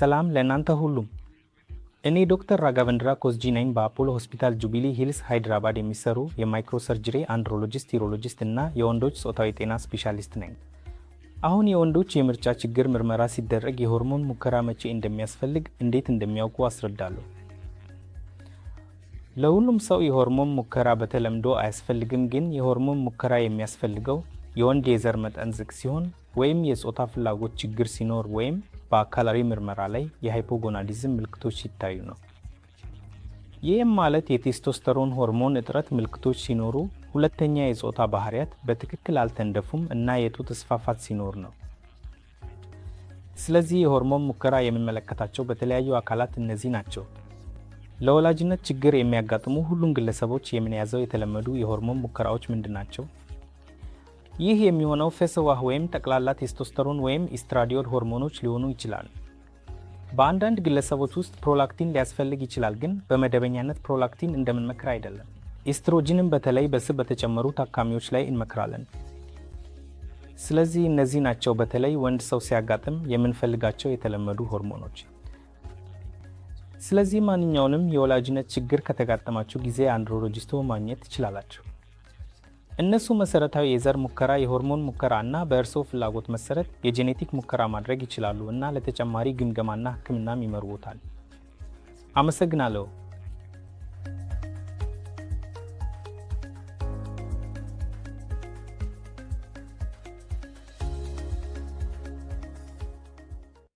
ሰላም ለእናንተ ሁሉም። እኔ ዶክተር ራጋቨንድራ ኮስጂ ነኝ። በአፖሎ ሆስፒታል ጁቢሊ ሂልስ ሃይድራባድ የሚሰሩ የማይክሮሰርጅሪ አንድሮሎጂስት፣ ዩሮሎጂስት እና የወንዶች ጾታዊ ጤና ስፔሻሊስት ነኝ። አሁን የወንዶች የምርጫ ችግር ምርመራ ሲደረግ የሆርሞን ሙከራ መቼ እንደሚያስፈልግ እንዴት እንደሚያውቁ አስረዳለሁ። ለሁሉም ሰው የሆርሞን ሙከራ በተለምዶ አያስፈልግም፣ ግን የሆርሞን ሙከራ የሚያስፈልገው የወንድ የዘር መጠን ዝቅ ሲሆን ወይም የጾታ ፍላጎት ችግር ሲኖር ወይም በአካላዊ ምርመራ ላይ የሃይፖጎናዲዝም ምልክቶች ሲታዩ ነው። ይህም ማለት የቴስቶስተሮን ሆርሞን እጥረት ምልክቶች ሲኖሩ፣ ሁለተኛ የጾታ ባህሪያት በትክክል አልተንደፉም እና የጡት እስፋፋት ሲኖር ነው። ስለዚህ የሆርሞን ሙከራ የሚመለከታቸው በተለያዩ አካላት እነዚህ ናቸው። ለወላጅነት ችግር የሚያጋጥሙ ሁሉም ግለሰቦች የምንያዘው የተለመዱ የሆርሞን ሙከራዎች ምንድናቸው? ይህ የሚሆነው ፌሰዋህ ወይም ጠቅላላ ቴስቶስተሮን ወይም ኢስትራዲዮል ሆርሞኖች ሊሆኑ ይችላል። በአንዳንድ ግለሰቦች ውስጥ ፕሮላክቲን ሊያስፈልግ ይችላል፣ ግን በመደበኛነት ፕሮላክቲን እንደምንመክር አይደለም። ኤስትሮጂንን በተለይ በስብ በተጨመሩ ታካሚዎች ላይ እንመክራለን። ስለዚህ እነዚህ ናቸው በተለይ ወንድ ሰው ሲያጋጥም የምንፈልጋቸው የተለመዱ ሆርሞኖች። ስለዚህ ማንኛውንም የወላጅነት ችግር ከተጋጠማችሁ ጊዜ አንድሮሎጂስቶ ማግኘት ትችላላችሁ። እነሱ መሰረታዊ የዘር ሙከራ፣ የሆርሞን ሙከራ እና በእርስዎ ፍላጎት መሰረት የጄኔቲክ ሙከራ ማድረግ ይችላሉ እና ለተጨማሪ ግምገማና ሕክምናም ይመርቦታል። አመሰግናለሁ።